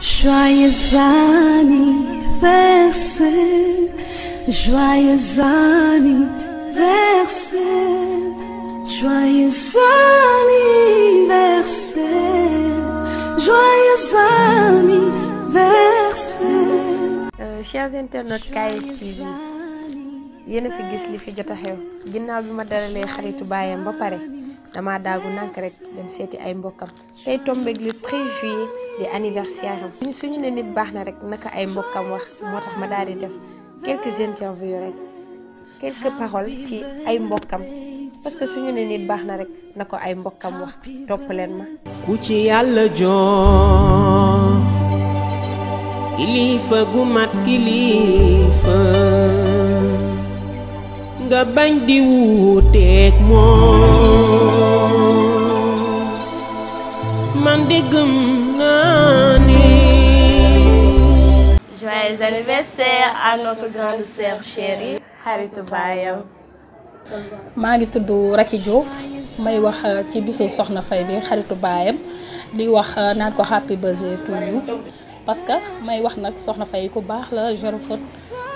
Joyeux anniversaire, joyeux anniversaire, joyeux anniversaire, joyeux anniversaire. Euh, a fi gis li fi jot a xew ginnaaw bi ma dalalee xaritu baayam ba pare. dama daagu nànk rek dem seeti ay mbokkam tey tombeeg le 13 juillet di anniversaire am suñu ne nit baax na rek naka ay mbokkam wax moo tax ma daal di def quelques interviews rek quelques paroles ci ay mbokkam parce que suñu ne nit baax na rek na ko ay mbokkam wax topp leen ma ku ci yàlla jox kilifa gu mat kilifa nga bañ di wuuteeg moom man de gëm naa ni. joyeux anniversaire à notre grande sœur chérie. xaritu baayam. maa ngi tudd Racky may wax uh, ci bisu Soxna Faye bi xaritu baayam di wax uh, naan ko happy birthday to you que may wax nag Soxna Faye ko baax la jëru fët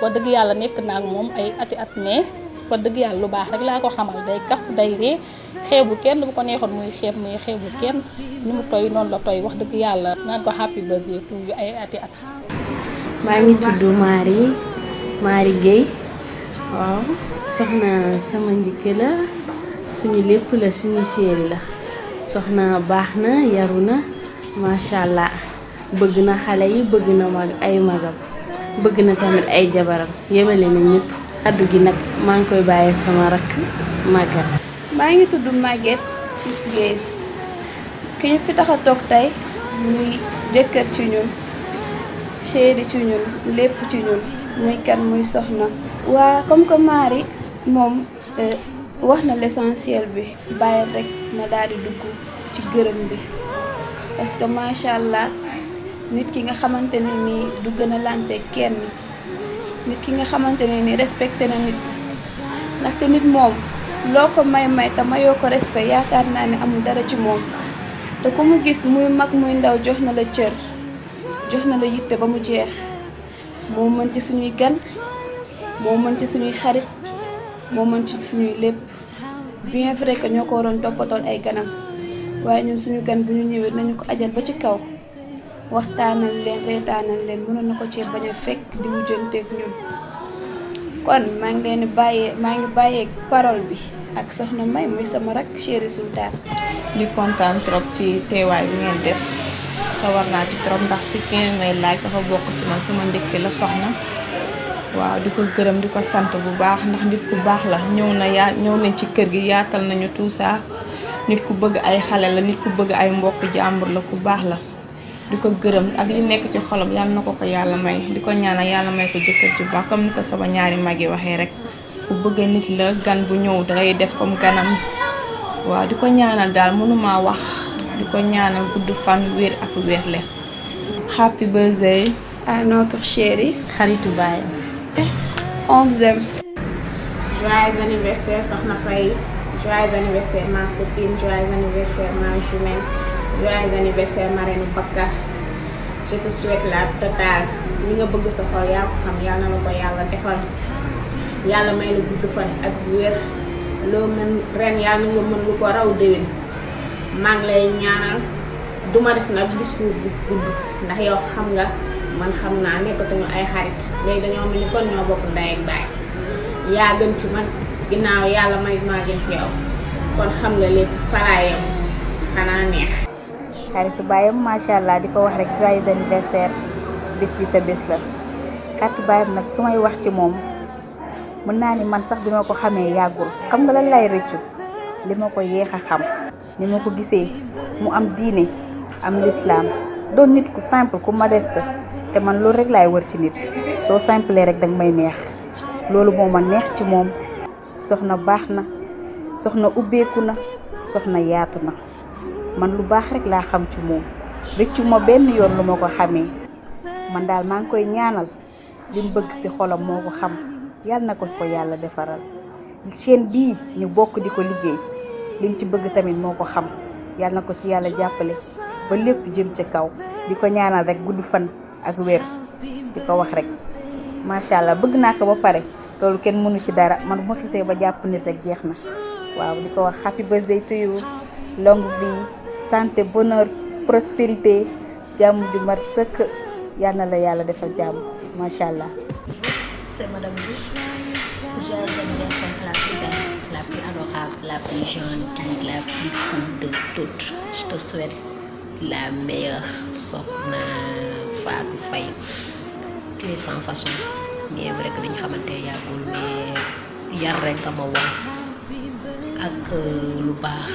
wax dëgg yàlla nekk naa ak moom ay ati at mais wax dëgg yàlla lu baax rek laa ko xamal day kaf day ree xeebu kenn bu ko neexoon muy xeeb muy xeebu kenn ni mu toy noonu la toy wax dëgg yàlla naan ko happy birthday to you ay ati at maa ngi tudd Marie Marie Guèye waaw soxna sama njëkk suñu lépp la suñu séeri la soxna baax na yaru na macha bëgg na xale yi bëgg na mag ay magam bëgg na tamit ay jabaram yemale na ñëpp addu gi nag maa ngi koy bàyyee sama rakk màggat maa ngi tudd Maguette Guèye ki ñu fi tax a toog tey muy jëkkër ci ñun chéri ci ñun lépp ci ñun muy kan muy soxna. waa comme que Marie moom euh, wax na l'essentiel bi bàyyi rek ma daal di dugg ci gërëm bi parce que macha allah nit ki nga xamante ne nii du gën a lante kenn nit ki nga xamante ne nii respecté na nit ndaxte nit moom. loo ko may may te mayoo ko respect yaakaar naa ne amul dara ci moom te ku mu gis muy mag muy ndaw jox na la cër jox na la yitte ba mu jeex moo mën ci suñuy gan moo mën ci suñuy xarit moo mën ci suñuy lépp bien vrai que ñoo ko waroon toppatool ay ganam waaye ñun suñu gan bu ñu ñëwee nañu ko ajal ba ci kaw waxtaanal leen reetaanal leen mënoon na ko cee bañ fekk di wujjanteeg ñun kon maa ngi leen bàyyee maa ngi bàyyee parole bi ak soxna May muy sama rak chéri Sultan di kontaan trop ci teewaay bi ngeen def sawar naa ci trop ndax si kenn may laaj dafa bokk ci man sama njëkk la soxna waaw di ko gërëm di ko sant bu baax ndax nit ku baax la ñëw na yaa ñëw nañ ci kër gi yaatal nañu tout ça nit ku bëgg ay xale la nit ku bëgg ay mbokk jàmbur la ku baax la di ko gërëm ak li nekk ci xolam yal na ko ko yàlla may di ko ñaana yàlla may ko jëkkër ju comme ni ko sama ñaari mag yi waxee rek ku bëgg nit la gan bu ñëw dangay def comme ganam waaw di ko ñaanal daal mënuma wax di ko ñaana gudd fan wér ak wérle happy birthday à notre chéri xaritu baay onzième joyeux anniversaire joyeux anniversaire ma Bakar je te souhaite la totale li nga bëgg sa xol yaa ko xam yàlla na la ko yàlla defal yàlla may la gudd fan ak wér loo ren yàlla na mën lu ko raw déwén maa ngi lay ñaanal duma def nag discours bu gudd ndax yow xam nga man xam naa nekkatuñu ay xarit léegi dañoo mel ni kon ñoo bokk ndey yaa gën ci man ginnaaw yàlla may maa gën ci aw kon xam nga lépp faraayam xanaa neex xaritu baayam macha allah di ko wax rek joyeux anniversaire bis bi sa bés la xaritu baayam nag su may wax ci moom mën naa ni man sax bi ko xamee yàggul xam nga lan lay rëccu li ma ko yéex a xam ni ma ko gisee mu am diine am lislaam doon nit ku simple ku modeste te man loolu rek laay wër ci nit soo simple rek danga may neex loolu moo ma neex ci moom soxna baax na soxna ubbeeku na soxna yaatu na man lu baax rek laa xam ci moom rëccu ma benn yoon lu ma ko xamee man daal maa ngi koy ñaanal li bëgg si xolom moo ko xam yàlla na ko ko yàlla defaral chaîne bii ñu bokk di ko liggéey lim ci bëgg tamit moo ko xam yàlla na ko ci yàlla jàppale ba lépp jëm ca kaw di ko ñaanal rek gudd fan ak wér di ko wax rek macha allah bëgg naa ko ba pare loolu kenn mënu ci dara man bu ma xisee ba jàpp nit rek jeex na waaw di ko wax happy birthday to you longue vie santé bonheur prospérité jàmm ju mat sëkk la yàlla defal jàmm macha allah. c'est la plus belle la la plus gentille la plus cool de la meilleure soxna Fatou Faye tu es sans dañu xamante yàggul mais yar rek nga ma wax ak euh, lu baax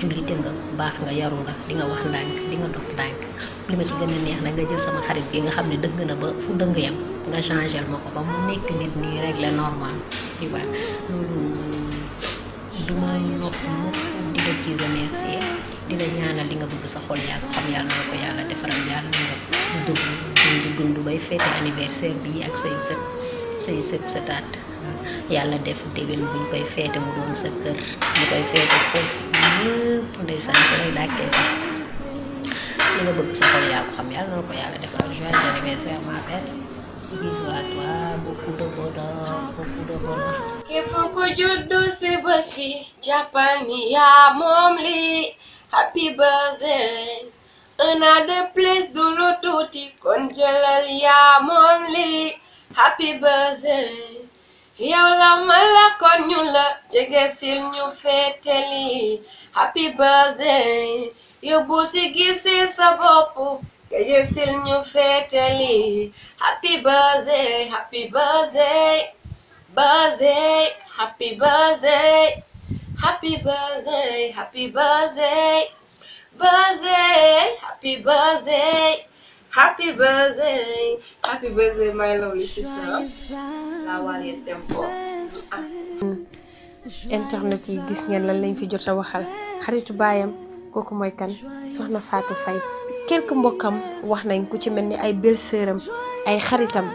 jullite nga baax nga yaru nga di nga wax ndànk di nga dox ndànk li ma ci gën a neex na nga jël sama xarit bi nga xam ne dëgg na ba fu dëgg yam nga changé moom ko ba mu nekk nit nii réglé normal tu vois di la ci li nga bëgg xam yàlla na ko yàlla defaral yàlla na ak say sët say sët sëtaat sa kër mu koy feete foofu ñëpp ndeysaan ca lay dàkkee sax li nga bëgg sa xol yaa ko xam yàlla na ko yàlla defal joyeux anniversaire ma belle bisous à toi beaucoup de bonheur beaucoup de bonheur képp ku juddu si bés bi jàppal ni yaa moom lii happy birthday un an de plus kon jëlal yaa moom lii happy birthday yow la mala kon ñu la jege sil ñu féeteli happy birthday yóbbu si gisi sa bopp jege sil ñu féeteli happy birthday happy birthday birthday happy birthday happy birthday happy birthday birthday happy birthday happy birthday happy birthday ah. internet yi gis ngeen lan lañ fi jot a waxal xaritu baayam kooku mooy kan soxna Fatou Faye quelque mbokkam wax nañ ku ci mel ni ay belle ay xaritam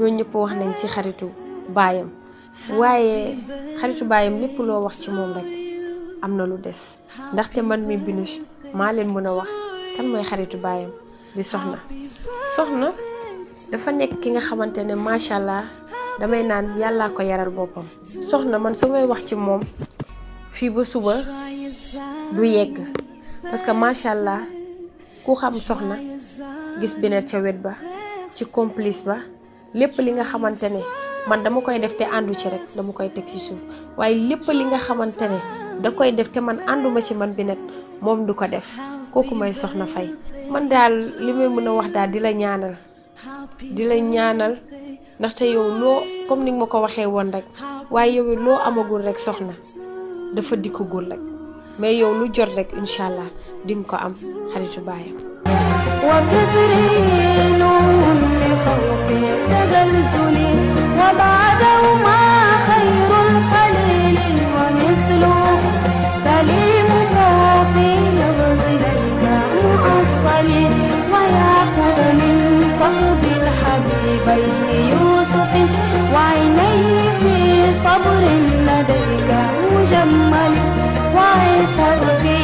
ñoo ñëpp wax nañ ci xaritu baayam waaye xaritu baayam lépp loo wax ci moom rek am na lu des ndaxte man mi binush maa leen mën a wax kan mooy xaritu baayam di soxna soxna dafa nekk ki nga xamante ne macha allah damay naan yàllaa ko yaral boppam. soxna man su may wax ci moom fii ba suba du yegg parce que macha allah ku xam soxna gis beneen ca wet ba ci complice ba lépp li nga xamante ne. man dama koy def te àndu ci rek dama koy teg ci suuf waaye lépp li nga xamante ne da koy def te man ànduma ci man bi net moom du ko def kooku may soxna fay man daal li may mën a wax daal di la ñaanal di la ñaanal ndaxte yow loo comme ni nga ma ko waxee woon rek waaye yow loo amagul rek soxna dafa dikkagul rek mais yow lu jot rek incha allah di ko am xaritu baayam. مجمل وعيسى أبي